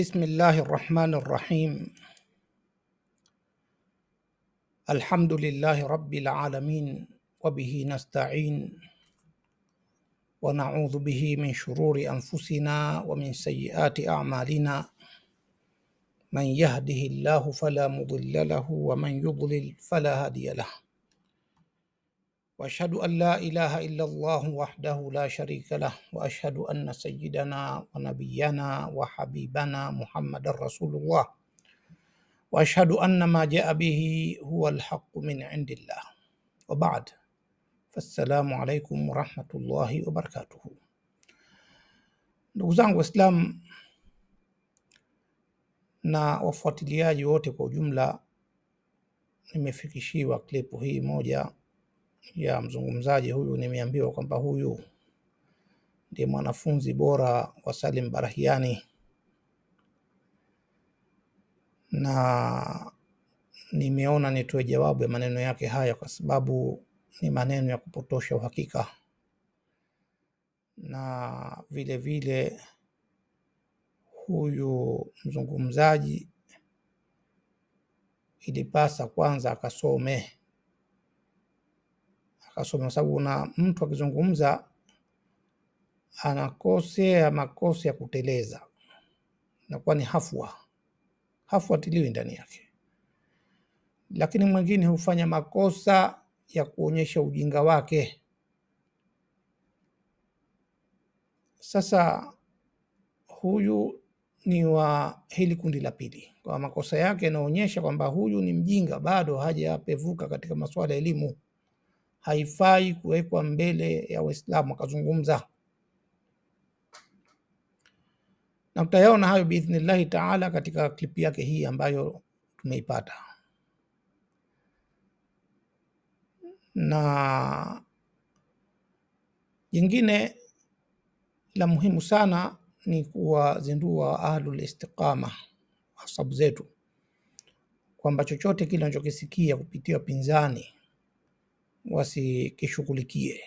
بسم الله الرحمن الرحيم الحمد لله رب العالمين وبه نستعين ونعوذ به من شرور انفسنا ومن سيئات اعمالنا من يهده الله فلا مضل له ومن يضلل فلا هادي له واشهد ان لا اله الا الله وحده لا شريك له واشهد ان سيدنا ونبينا وحبيبنا محمد رسول الله واشهد ان ما جاء به هو الحق من عند الله وبعد فالسلام عليكم ورحمه الله وبركاته نوزان zangu نا وفاتلياجي wafuatiliaji wote kwa ujumla nimefikishiwa ya mzungumzaji huyu nimeambiwa kwamba huyu ndiye mwanafunzi bora wa Salim Barahiani na nimeona nitoe jawabu ya maneno yake haya kwa sababu ni maneno ya kupotosha uhakika na vile vile huyu mzungumzaji ilipasa kwanza akasome akasoma, kwa sababu na mtu akizungumza anakosea makosa ya kuteleza, nakuwa ni hafwa hafwa tiliwi ndani yake. Lakini mwingine hufanya makosa ya kuonyesha ujinga wake. Sasa huyu ni wa hili kundi la pili, kwa makosa yake yanaonyesha kwamba huyu ni mjinga, bado hajapevuka katika masuala ya elimu haifai kuwekwa mbele ya Waislamu. Akazungumza na utayaona hayo biidhnillahi taala katika klipu yake hii ambayo tumeipata na jingine la muhimu sana ni kuwazindua ahlul istiqama asabu zetu kwamba chochote kile anachokisikia kupitia pinzani wasikishughulikie,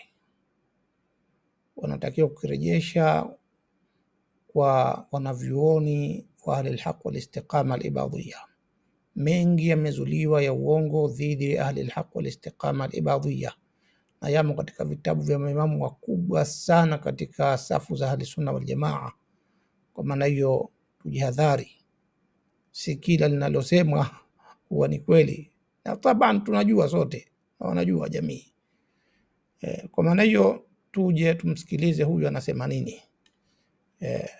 wanatakiwa kukirejesha kwa wanavyuoni wa ahli lhaq walistiqama alibadhiya. Mengi yamezuliwa ya uongo dhidi ya ahli lhaq walistiqama alibadhiya, na yamo katika vitabu vya maimamu wakubwa sana katika safu za ahli sunna waljamaa. Kwa maana hiyo, tujihadhari, si kila linalosemwa huwa ni kweli, na taban tunajua sote wanajua jamii e. Kwa maana hiyo tuje tumsikilize huyu anasema nini e.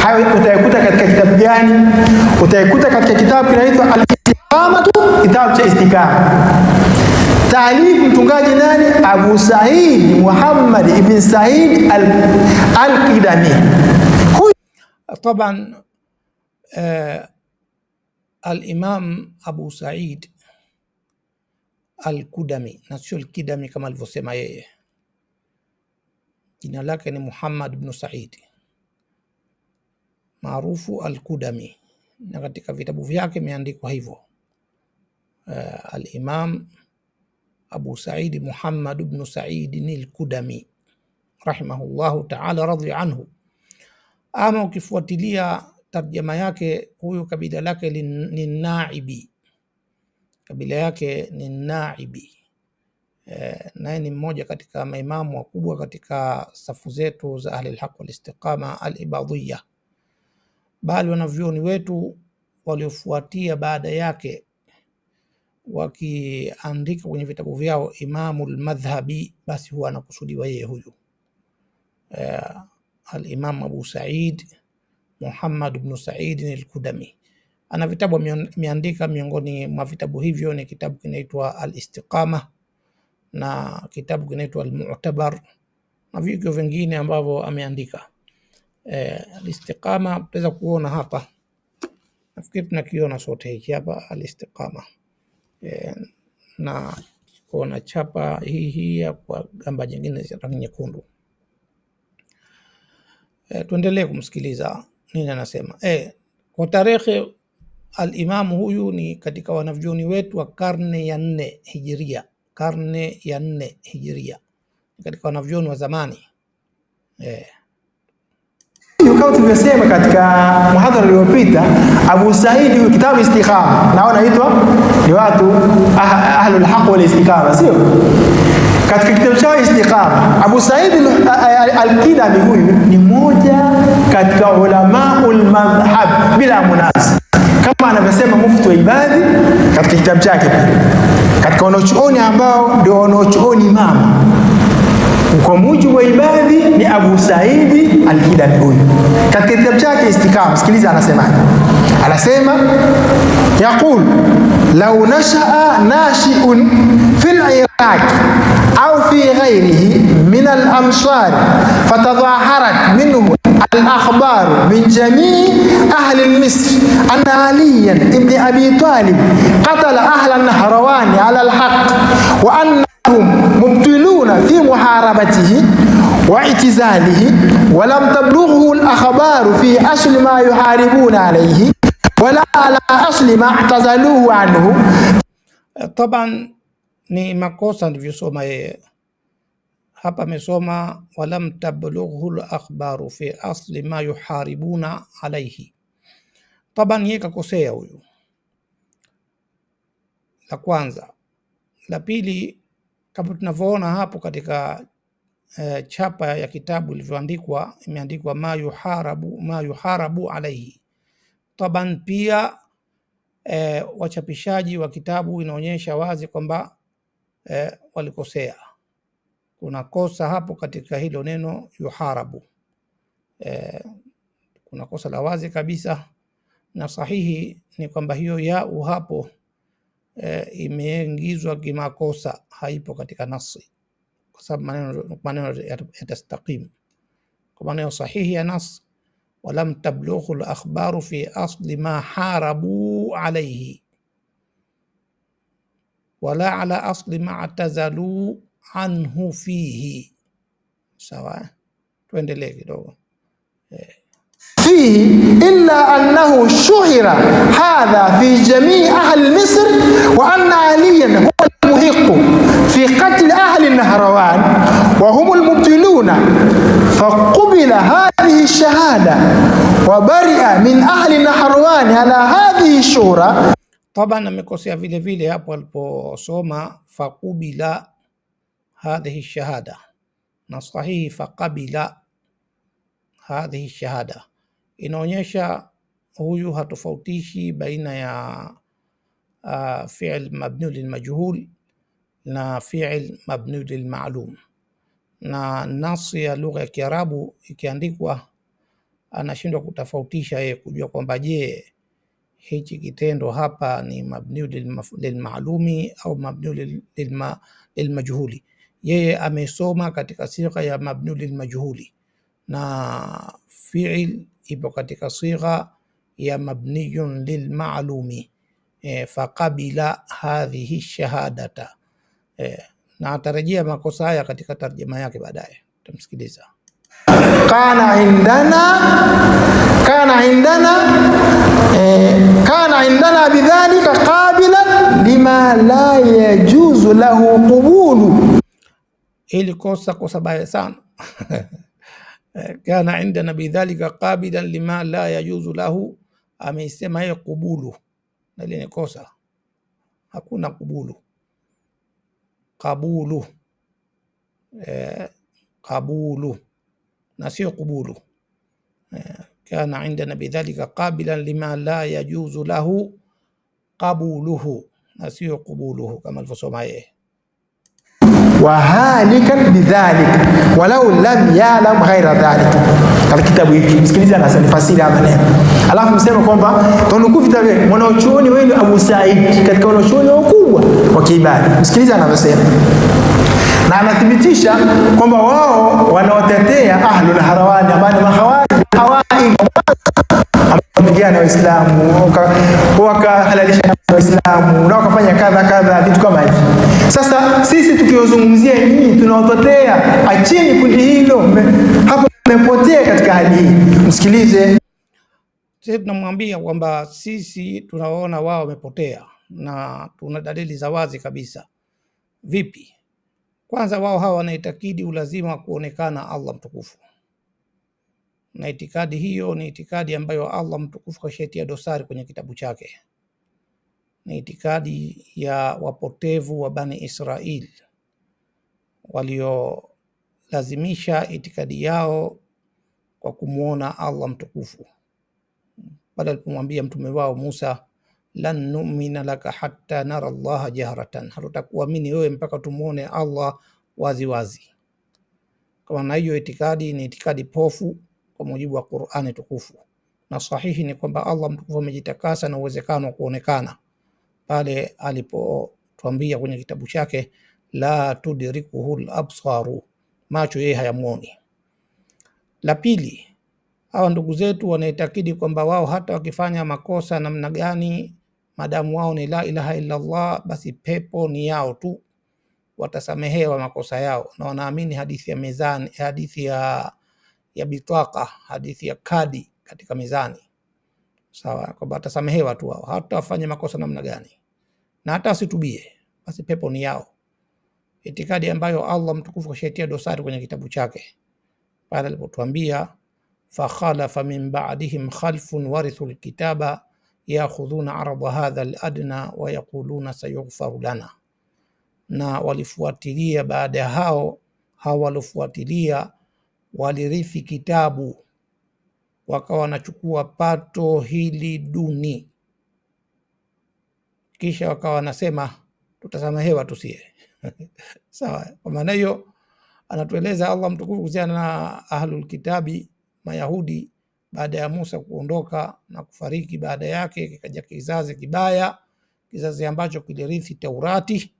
Hayo utaikuta katika kitabu gani? Utayakuta katika kitabu kinaitwa Al-Istiqamatu, kitabu cha Istiqama. Taalifu mtungaji nani? Abu Said Muhammad ibn Said al qidani Huyu taban eh, Al-Imam Abu Said Al-Kudami na sio Al-Kidami kama alivyosema yeye. Jina lake ni Muhammad ibn Said maarufu Al-Kudami, na katika vitabu vyake imeandikwa hivyo uh, Al-Imam Abu Said Muhammad ibn Said Al-Kudami rahimahullahu ta'ala radhi anhu. Ama ukifuatilia Tarjama yake huyu kabila lake ni Naibi, kabila yake ni Naibi e, naye ni mmoja katika maimamu wakubwa katika safu zetu za Ahli lhaq walistiqama alibadhiya, bali wanavyoni wetu waliofuatia baada yake wakiandika kwenye vitabu vyao Imamu lmadhhabi, basi huwa anakusudiwa yeye huyu e, eh, alimamu Abu Said Muhammad bnu Saidin Alkudami. Ana vitabu ameandika, miongoni mwa vitabu hivyo ni kitabu kinaitwa Alistiqama na kitabu kinaitwa Almutabar na viko vingine ambavyo ameandika. E, eh, Al-Istiqama tutaweza kuona hapa, nafikiri tunakiona sote hiki hapa Al-Istiqama. e, eh, na kuona chapa hii hii ya kwa gamba jingine za rangi nyekundu. E, tuendelee kumsikiliza nini anasema e, kwa tarehe alimamu huyu ni katika wanavyuoni wetu wa karne ya nne hijiria, karne ya nne hijiria, katika wanavyuoni wa zamani e. Kama tulivyosema katika mhadhara uliopita, Abu Said kitabu Istiqama naona itwa ni watu ah, ahlul haq wal istiqama, sio katika kitabu chao Istiqama. Abu Said al huyu ni mmoja katika ulamaul madhhab bila munasi, kama anavyosema Mufti wa Ibadhi katika kitabu chake, katika wanachuoni ambao ndio wanachuoni mama Kwa mujibu wa Ibadhi ni Abu Saidi Al-Khidri huyu, katika kitabu chake Istikama, sikiliza anasemaje. Anasema yaqul law nashaa nashiun fil iraqi au fi ghairihi min al-amsar fatadhaharat minhu al-akhbar min jamii ahli Misr anna Ali ibn Abi Talib qatala ahla Nahrawan ala al-haqq wa anna mubtiluna fi muharabatihi wa itizalihi wa lam tablughu al-akhbaru fi asli ma yuharibuna alayhi wala ala asli ma i'tazaluhu anhu. Taban ni makosa ndivyosoma yeye hapa, amesoma walam tablughu al-akhbaru fi asli ma yuharibuna alayhi. Taban yeye kakosea huyu, la kwanza. La pili kama tunavyoona hapo katika e, chapa ya kitabu ilivyoandikwa, imeandikwa ma yuharabu ma yuharabu alaihi taban. Pia e, wachapishaji wa kitabu inaonyesha wazi kwamba e, walikosea, kuna kosa hapo katika hilo neno yuharabu. E, kuna kosa la wazi kabisa, na sahihi ni kwamba hiyo yau hapo e, imeingizwa kimakosa, haipo katika nasi, kwa sababu maneno maneno yatastakimu kwa maneno sahihi ya nas. Walam tablughu lakhbaru fi asli ma harabu alaihi wala ala asli ma tazalu anhu fihi. Sawa, eh? tuendelee kidogo eh. فيه إلا أنه شهر هذا في جميع أهل مصر وأن عليا هو المهيق في قتل أهل النهروان وهم المبتلون فقبل هذه الشهادة وبرئ من أهل نهروان على هذه الشهرة طبعا مكوسيا في vile hapo aliposoma فقبل هذه الشهادة na فقبل هذه الشهاده inaonyesha huyu hatofautishi baina ya uh, ah, fi'l mabni lilmajhul na fiil mabni lilmalum, na nasi ya lugha ya Kiarabu ikiandikwa anashindwa kutofautisha yeye kujua kwamba je, hichi kitendo hapa ni mabniu lilmaalumi au mabnu lilmajhuli. Yeye amesoma katika sigha ya mabniu lilmajhuli na fiil ipo katika sigha ya mabniyun lilmalumi e, faqabila hadhihi shahadata e, na atarejea makosa haya katika tarjama yake baadaye, Tamsikiliza. kana indana kana indana e, kana indana bidhalika qabila lima la yajuzu lahu qubulu. Ili kosa kosa baya sana kana indana bidhalika qabila lima la yajuzu lahu, ameisema yeye kubulu, na ile ni kosa. Hakuna kubulu, kabulu eh, kabulu na sio kubulu eh, kana indana bidhalika qabilan lima la yajuzu lahu qabuluhu na sio kubuluhu, kama alivyosoma yeye wahalikan bidhalik walau lam yalam ghaira dhalik. Katika kitabu hiki Msikilize na sanifasiri hapa alafu msema kwamba tunukuu vitabu vya mwanachuoni wewe Abu Said, katika wanachuoni wakubwa wa kiibada. Msikiliza anavyosema na anathibitisha kwamba wao wanaotetea ahlul harawani kushirikiana na Waislamu, wakahalalisha na Waislamu na wakafanya kadha kadha, vitu kama hivi. Sasa sisi tukiwazungumzia nyinyi tunawapotea, acheni kundi hilo hapo, mmepotea katika hali hii. Msikilize, sisi tunamwambia kwamba sisi tunawaona wao wamepotea na tuna dalili za wazi kabisa. Vipi? Kwanza wao hawa wanaitakidi ulazima wa kuonekana Allah mtukufu na itikadi hiyo ni itikadi ambayo Allah mtukufu kashaitia dosari kwenye kitabu chake, ni itikadi ya wapotevu wa Bani Israil waliolazimisha itikadi yao kwa kumwona Allah mtukufu pale alipomwambia mtume wao Musa, lan numina laka hatta nara llaha jahratan, hatutakuamini wewe mpaka tumwone Allah waziwazi wazi. Kwa maana hiyo itikadi ni itikadi pofu kwa mujibu wa Qur'ani tukufu, na sahihi ni kwamba Allah mtukufu amejitakasa na uwezekano wa kuonekana pale alipotuambia kwenye kitabu chake, la tudrikuhu al-absaru, macho yeye hayamwoni. La pili, hawa ndugu zetu wanaitakidi kwamba wao hata wakifanya makosa namna gani, madamu wao ni la ilaha illa Allah, basi pepo ni yao tu, watasamehewa makosa yao, na wanaamini hadithi ya mezani, hadithi ya ya bitaka, hadithi ya kadi katika mizani. Sawa, kwamba atasamehewa tu hao, hata wafanye makosa namna gani, na hata asitubie, basi pepo ni yao. Itikadi ambayo Allah mtukufu kashaitia dosari kwenye kitabu chake pale alipotuambia fakhalafa min ba'dihim khalfun warithu lkitaba yakhudhuna arada hadha ladna wa yaquluna sayughfaru lana, na walifuatilia baada ya hao hao waliofuatilia walirithi kitabu, wakawa wanachukua pato hili duni, kisha wakawa wanasema tutasamehewa hewa tusie. Sawa. Kwa maana hiyo anatueleza Allah mtukufu kuhusiana na ahlul kitabi Mayahudi, baada ya Musa kuondoka na kufariki, baada yake kikaja kizazi kibaya, kizazi ambacho kilirithi Taurati.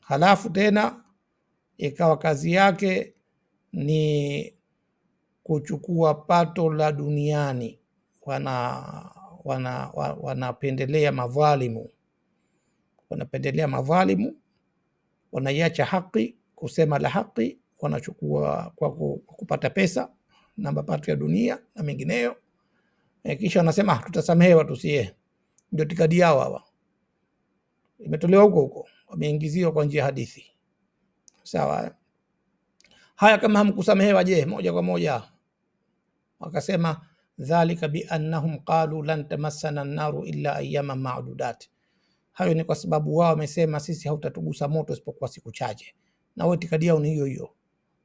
Halafu tena ikawa kazi yake ni kuchukua pato la duniani, wana wana wanapendelea madhalimu, wanapendelea madhalimu, wanaiacha haki, kusema la haki wanachukua kwa kupata pesa na mapato ya dunia na mengineyo e, kisha wanasema ah, tutasamehewa tusie. Ndio itikadi yao hawa, imetolewa huko huko, wameingiziwa kwa njia hadithi. Sawa. Haya kama hamkusamehewa je? Moja kwa moja wakasema dhalika annahum qalu lan tamassana an-naru illa ayyaman ma'dudat, hayo ni kwa sababu wao wamesema sisi hautatugusa moto isipokuwa siku chache, na wewe itikadi yao ni hiyo hiyo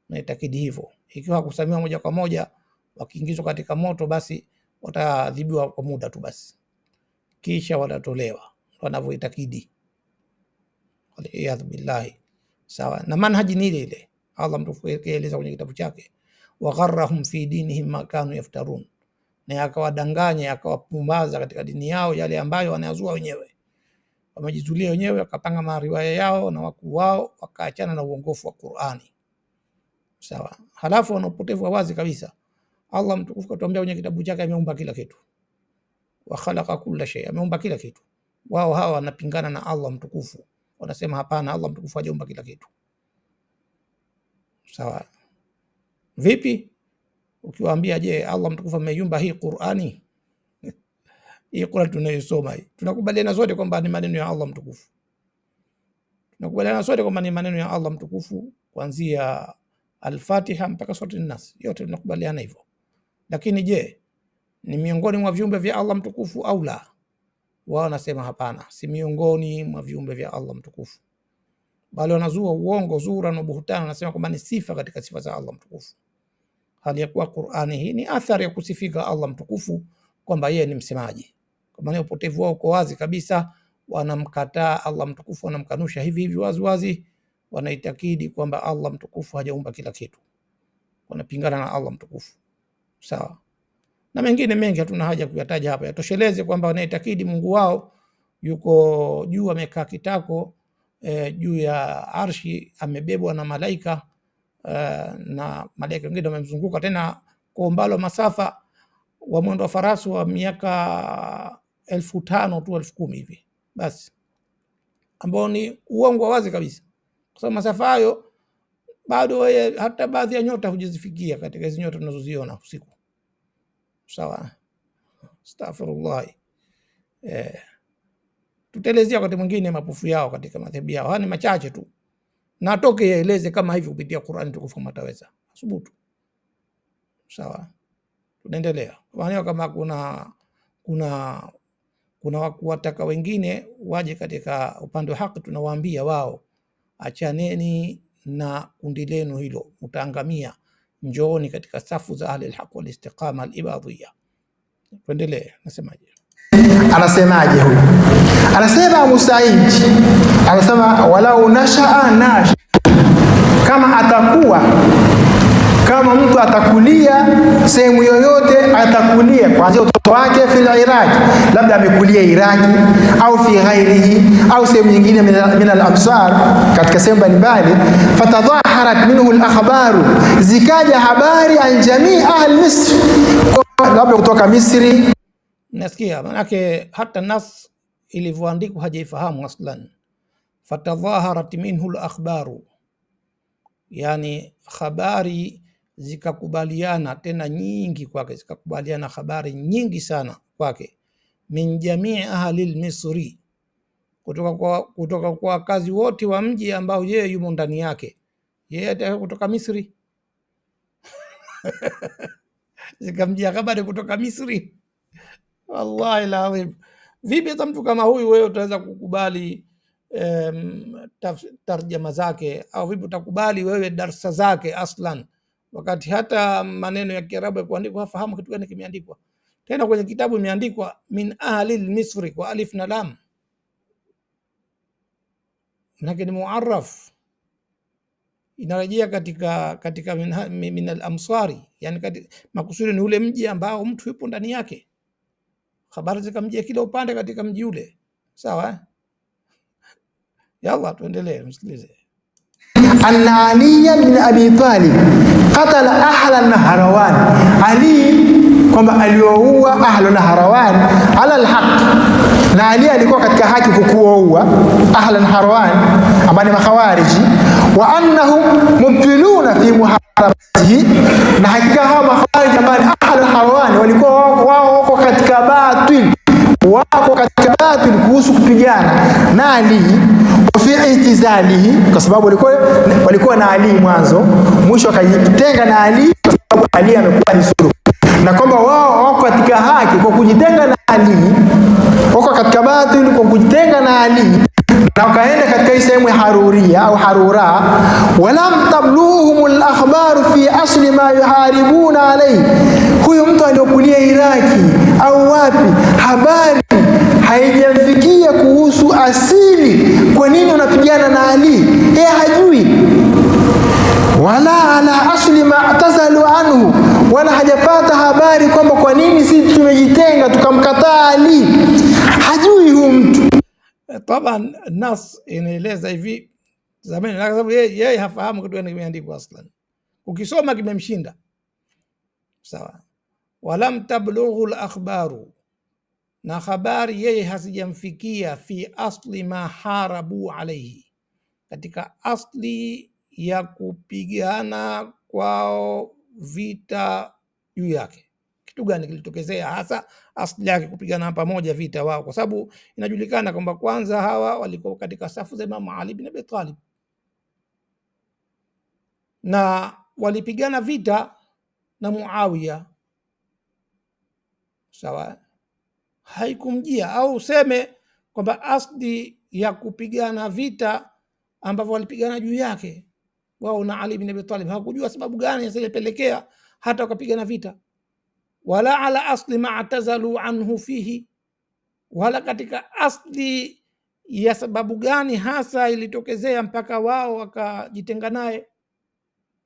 na itakidi hivyo. Ikiwa hakusamehewa moja kwa moja, wakiingizwa katika moto, basi wataadhibiwa kwa muda tu basi, kisha watatolewa, wanavyoitakidi. Waliyadhu billahi. Sawa na manhaji ni ile ile Allah mtukueleza kwenye kitabu chake, wa gharrahum fi dinihim ma kanu yaftarun, na akawadanganya akawapumbaza katika dini yao yale ambayo wanayazua wenyewe, wamejizulia wenyewe, wakapanga mariwaya yao na wakuu wao, wakaachana na uongofu wa Qur'ani. Sawa, halafu wana upotevu wa wazi kabisa. Allah mtukufu katuambia kwenye kitabu chake, ameumba kila kitu, wa khalaqa kulla shay, ameumba kila kitu. Wao hawa wanapingana na Allah mtukufu, wanasema hapana, Allah mtukufu hajaumba kila kitu. Sawa vipi? Ukiwaambia je, Allah mtukufu ameiumba hii Qur'ani, hii Qur'ani tunayosoma hii, tunakubaliana sote kwamba ni maneno ya Allah mtukufu, tunakubaliana sote kwamba ni maneno ya Allah mtukufu kuanzia Al-Fatiha mpaka an Nas, yote tunakubaliana hivyo. Lakini je, ni miongoni mwa viumbe vya Allah mtukufu au la? Wao wanasema hapana, si miongoni mwa viumbe vya Allah mtukufu bali wanazua uongo zura na buhtana, wanasema kwamba ni sifa katika sifa za Allah mtukufu, hali ya kuwa Qur'ani hii ni athari ya kusifika Allah mtukufu kwamba yeye ni msemaji. Kwa maana upotevu wao uko wazi kabisa, wanamkataa Allah mtukufu, wanamkanusha hivi hivi wazi wazi, wanaitakidi kwamba Allah mtukufu hajaumba kila kitu, wanapingana na Allah mtukufu sawa na mengine mengi hatuna haja kuyataja hapa, yatosheleze kwamba wanaitakidi Mungu wao yuko juu amekaa kitako e, juu ya arshi amebebwa na malaika e, na malaika wengine wamemzunguka tena kwa umbali wa masafa wa mwendo wa farasi wa miaka elfu tano tu elfu kumi hivi basi, ambao ni uongo wa wazi kabisa, kwa sababu masafa hayo bado weye, hata baadhi ya nyota hujazifikia katika hizi nyota tunazoziona usiku. Sawa, astaghfirullah eh. Tutaelezea wakati mwingine mapofu yao katika madhehebu yao. Haya ni machache tu, na atoke yaeleze kama hivyo kupitia Qur'an tukufu kama ataweza asubutu. Sawa, tunaendelea. Maana kama kuna kuna kuna kuwataka wengine waje katika upande wa haki, tunawaambia wao, achaneni na kundi lenu hilo, utaangamia Njooni katika safu za ahli alhaq walistiqama alibadhiya. Tuendelee, nasemaje? Anasemaje huyu? Anasema Musaid, anasema walau nashaa nash, kama atakuwa kama mtu atakulia sehemu yoyote, atakulia kwanzia utoto wake fil Iraq, labda amekulia Iraki au fi ghairihi au sehemu nyingine min al amsar, katika sehemu mbalimbali. Fatadhaharat minhu al akhbaru, zikaja habari an jamii ahli Misri, labda kutoka Misri nasikia manake hata nas ilivyoandikwa hajaifahamu aslan, fatadhaharat minhu lakhbaru, yani habari zikakubaliana tena nyingi kwake, zikakubaliana habari nyingi sana kwake, min jamii ahli lmisri, kutoka kwa kutoka kwa wakazi wote wa mji ambao yeye yumo ndani yake. Yeye ataka kutoka Misri zikamjia habari kutoka Misri wallahi ladhim. Vipi hata mtu kama huyu wewe utaweza kukubali um, tarjama zake au vipi utakubali wewe darsa zake aslan, wakati hata maneno ya Kiarabu yakuandikwa hafahamu kitu gani kimeandikwa. Tena kwenye kitabu imeandikwa min ahli lmisri kwa alif na lam, manake ni muarraf inarejea katika katika min, min al amsari yani katika, makusudi ni ule mji ambao mtu yupo ndani yake habari zikamjia kila upande katika mji ule. Sawa eh? Yalla tuendelee, msikilize. Anna aliya min abi Talib qatala ahla naharawan, Ali kwamba alioua ahlu naharawan ala alhaq, na Ali alikuwa katika haki kukuoua ahla naharawan ambao ni makhawariji, wa annahum mubtiluna fi muharabatihi, na hakika hawa makhawariji ambao ahlu kujiingiza Ali kwa sababu walikuwa walikuwa na Ali mwanzo, mwisho akajitenga na Ali kwa sababu Ali amekuwa ni suru, na kwamba wao wako katika haki kwa kujitenga na Ali, wako katika batili kwa kujitenga na Ali na wakaenda katika hii sehemu ya haruria au harura, walam tabluhum alakhbaru fi asli ma yuharibuna alayhi. Huyu mtu aliyokulia Iraki au wapi, habari haijamfikia kuhusu asili. Kwa nini una kupigana na Ali, yeye hajui wala ala asli atazalu anhu, wala hajapata habari kwamba kwa nini sisi tumejitenga tukamkataa Ali. Hajui huyu mtu taban. Nas inaeleza hivi zamani, kwa sababu yeye hafahamu kitu gani kimeandikwa aslan. Ukisoma kimemshinda sawa, walam tablughu al akhbaru na habari yeye hazijamfikia fi asli ma harabu alaihi, katika asli ya kupigana kwao vita juu yake. Kitu gani kilitokezea hasa asli yake kupigana pamoja vita wao? Kwa sababu inajulikana kwamba kwanza hawa walikuwa katika safu za Imamu Ali bin Abi Talib na walipigana vita na Muawiya, sawa haikumjia au useme kwamba asdi ya kupigana vita ambavyo walipigana juu yake wao na Ali bin Abi Talib hawakujua sababu gani zilipelekea hata wakapigana vita, wala ala asli ma'tazalu anhu fihi, wala katika asli ya sababu gani hasa ilitokezea mpaka wao wakajitenga naye,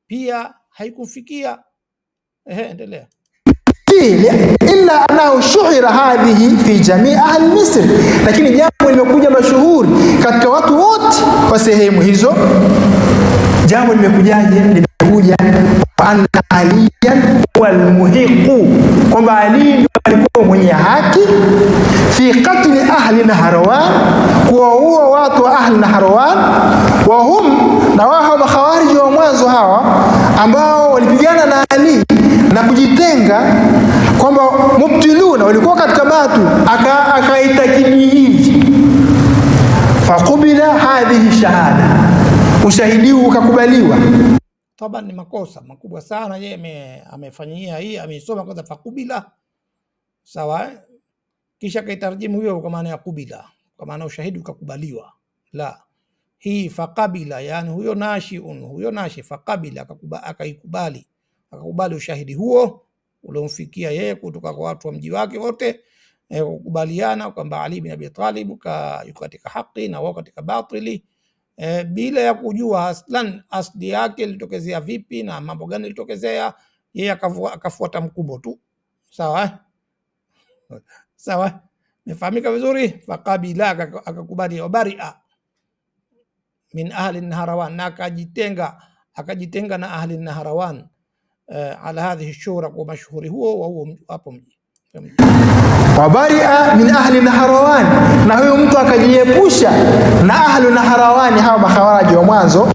pia haikufikia. Ehe, endelea hii illa annahu shuhira hadhihi fi jamii ahli Misri, lakini jambo limekuja mashuhuri katika watu wote wa sehemu hizo. Jambo limekujaje? Limekuja anna aliyan huwa almuhiqu, kwamba Ali ndio alikuwa mwenye haki fi qatli ahli Naharawan, kuwaua watu wa ahli Naharawan. Wa hum na wao makhawariji wa mwanzo hawa ambao walipigana na Ali na kujitenga kwamba mubtiluna walikuwa katika batu, akaitakidi hivi fakubila hadhihi shahada, ushahidi huu ukakubaliwa. Taba ni makosa makubwa sana yeye amefanyia hii, ameisoma kwanza fakubila, sawa, eh? kisha kaitarjimu hiyo kwa maana ya kubila, kwa maana ushahidi ukakubaliwa. La, hii fakabila, yani huyo nashiun, huyo nashi fakabila, akaikubali akakubali ushahidi huo uliomfikia yeye kutoka kwa watu wa mji wake wote eh, kukubaliana kwamba Ali bin Abi Talib yuko katika haki na wao katika batili e, bila ya kujua aslan asli yake ilitokezea vipi na mambo gani ilitokezea. Yeye akafuata mkumbo tu, sawa eh? sawa, mefahamika vizuri. Fakabila akakubali, wabaria min ahli Naharawan, na akajitenga akajitenga na ahli Naharawan ala hadhihi shura kwa mashuhuri huo wa huo hapo mji wabaria min ahli Naharawani, na huyo mtu akajiepusha na ahli Naharawani, hawa mahawaraji wa mwanzo.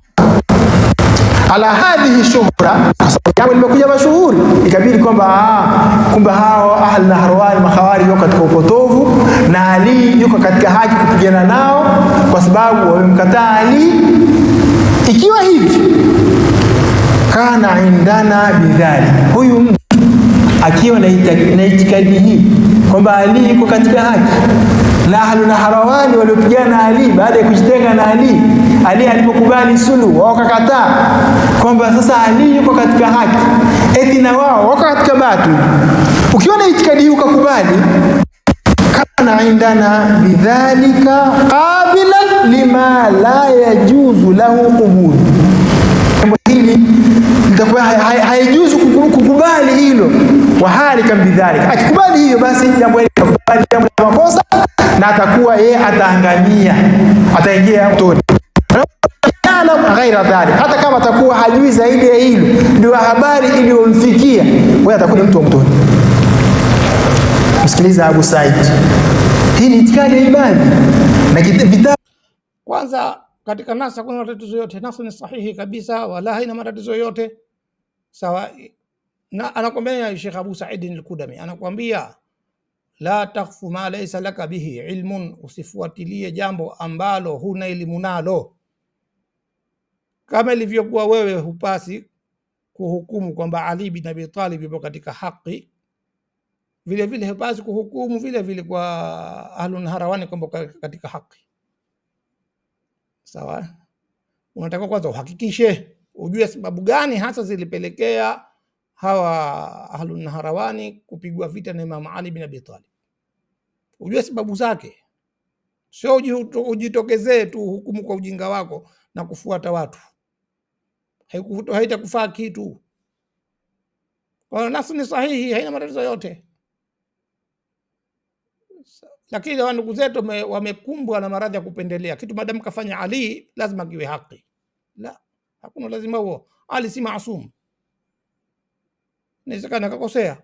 Ala hadhihi shuhura, limekuja mashuhuri, ikabidi kwamba kumbe hao ahli Naharawani mahawari yuko katika upotovu na Ali yuko katika haki kupigana nao, kwa sababu wamemkataa Ali. Ikiwa hivi kana indana bidhali, huyu mtu akiwa na itikadi hii kwamba Ali yuko katika haki na Ahlul Harawani waliopigana Ali baada ya kujitenga na Ali, Ali alipokubali sulu wao wakakataa kwamba sasa Ali yuko katika haki, eti na wao wako katika batu. Ukiwa na itikadi hii ukakubali, kana indana bidhalika qabilan lima la yajuzu lahu qubulu itakuwa haijuzu kukubali hilo. Wahalika bidhalika, akikubali hiyo basi jambo hili atakubali jambo la makosa na atakuwa yeye ataangamia, ataingia motoni ghaira dhali, hata kama atakuwa hajui zaidi ya hilo, ndio habari iliyomfikia wewe, atakuwa mtu wa mtoni. Msikiliza Abu Said, hii ni itikadi ya ibadi na vitabu. Kwanza katika nasa kuna matatizo yote, nasa ni sahihi kabisa, wala haina matatizo yote sawa na anakwambia Sheikh Abu Said al-Kudami anakwambia la takfu ma laysa laka bihi ilmun, usifuatilie jambo ambalo huna elimu nalo. Kama ilivyokuwa wewe hupasi kuhukumu kwamba Ali bin Abi Talib yupo katika haki, vile vile hupasi kuhukumu vile vile kwa ahlun harawani kwamba katika haki. Sawa, unatakiwa kwanza uhakikishe ujue sababu gani hasa zilipelekea hawa ahlunaharawani kupigwa vita na Imam Ali bin Abi Talib. Hujue sababu zake, sio ujitokezee tu hukumu kwa ujinga wako na kufuata watu, haitakufaa kitu. Kwa nafsi ni sahihi, haina matatizo yote lakini awa ndugu zetu wamekumbwa na maradhi ya kupendelea kitu. Madamu kafanya Ali, lazima kiwe haki la Hakuna lazima huo. Ali si maasum, inawezekana akakosea,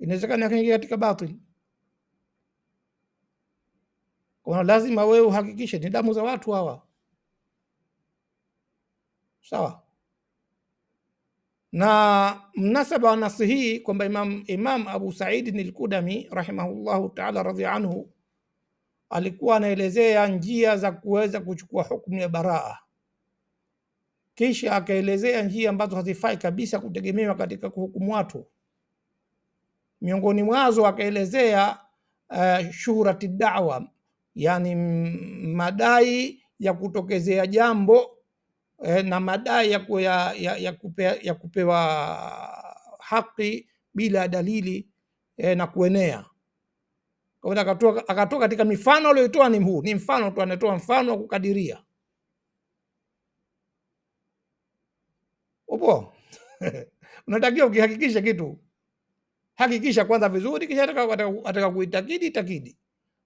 inawezekana akaingia katika batil. Kwa lazima wewe uhakikishe ni damu za watu hawa, sawa na mnasaba wa nasi hii kwamba Imam, Imam Abu Saidin Alkudami rahimahullahu taala radhia anhu alikuwa anaelezea njia za kuweza kuchukua hukumu ya baraa kisha akaelezea njia ambazo hazifai kabisa kutegemewa katika kuhukumu watu. Miongoni mwazo akaelezea uh, eh, shuhurati dawa, yani madai ya kutokezea jambo eh, na madai ya, ya, ya, ya, kupea, ya kupewa haki bila dalili eh, na kuenea akatoa katika mifano aliyoitoa ni huu, ni mfano tu, anatoa mfano wa kukadiria. upo unatakiwa ukihakikisha kitu, hakikisha kwanza vizuri, kisha ataka kuitakidi takidi.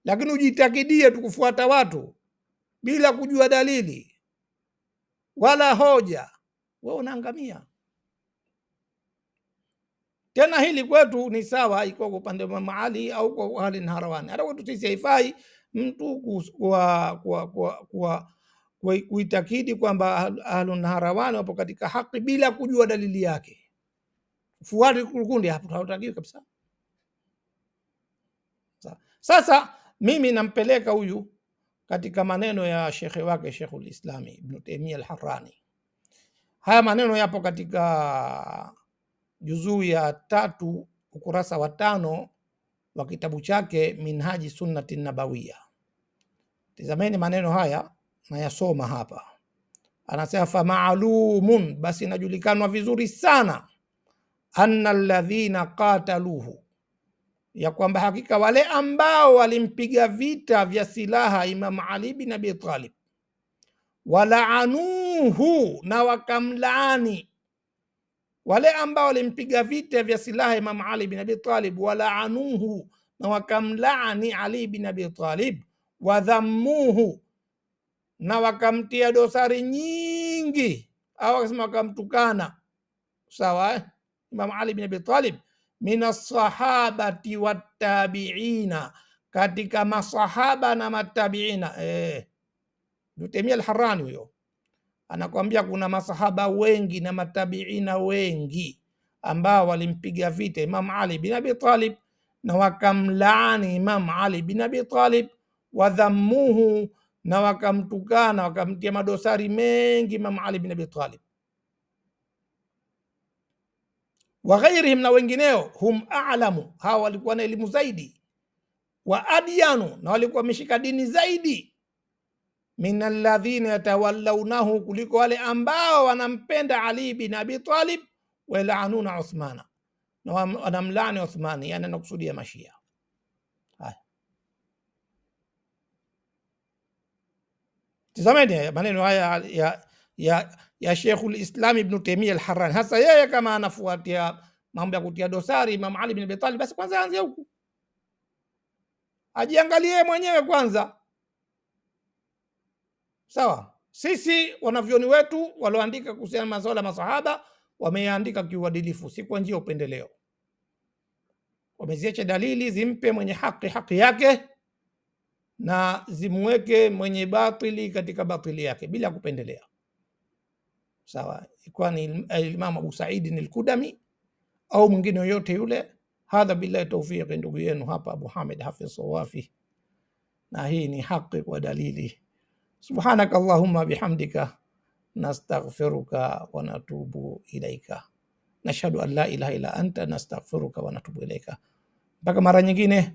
Lakini ujitakidie tu kufuata watu bila kujua dalili wala hoja, we unaangamia. Tena hili kwetu ni sawa, iko kwa upande wa maali au kwa hali harawani Hata kwetu sisi haifai mtu kwa kuitakidi kwamba ahlun harawani wapo katika haki bila kujua dalili yake, fuati kundi hapo hawatakiwi kabisa. Sasa mimi nampeleka huyu katika maneno ya shekhe wake Sheikhul Islami Ibn Taymiyyah al-Harrani. Haya maneno yapo katika juzuu ya tatu ukurasa wa tano wa kitabu chake Minhaji Sunnati Nabawiya. Tizameni maneno haya nayasoma hapa, anasema maalumun, basi inajulikanwa vizuri sana anna alladhina qataluhu, ya kwamba hakika wale ambao walimpiga vita vya silaha Imam Ali bin Abi Talib, walaanuhu, na wakamlaani wale ambao walimpiga vita vya silaha Imam Ali bin Abi Talib, walaanuhu, na wakamlaani Ali bin Abi Talib, wadhammuhu na wakamtia dosari nyingi, au wakasema wakamtukana, sawa eh? Imam Ali bin Abi Talib min alsahabati wattabiina, katika masahaba na matabiina. Eh, Dutemia Alharani huyo anakwambia kuna masahaba wengi na matabiina wengi ambao walimpiga vita Imam Ali bin Abi Talib na wakamlaani Imam Ali bin Abi Talib wadhammuhu na wakamtukana wakamtia madosari mengi Mama Ali bin Abi Talib wa ghairihim, na wengineo. Hum alamu, hawa walikuwa na elimu zaidi, wa adyanu, na walikuwa wameshika dini zaidi, min alladhina yatawallawnahu, kuliko wale ambao wanampenda Ali bin Abi Talib, yalanuna Uthmana, na wanamlani Uthmani, yani anakusudia Mashia Tizameni maneno haya ya, ya, ya Sheikhul Islam Ibn Taymiyyah al-Harrani. Hasa yeye kama anafuatia mambo ya kutia dosari Imam Ali bin Abi Talib, basi kwanza aanze huku, ajiangalie mwenyewe kwanza. Sawa, sisi wanavyoni wetu walioandika kuhusiana masuala ya masahaba wameandika kiuadilifu, si kwa njia upendeleo. Wameziacha dalili zimpe mwenye haki haki yake na zimweke mwenye batili katika batili yake bila kupendelea. Sawa, ikiwa ni abu Abu al-Kudami au mwingine yoyote yule. Hadha billahi tawfiq, ndugu yenu hapa Abu Hamid Hafidh Sawafi, na hii ni haki kwa dalili. Subhanaka Allahumma bihamdika nastaghfiruka wa natubu ilaika, nashhadu an la ilaha illa anta nastaghfiruka wa natubu ilaika. Mpaka mara nyingine.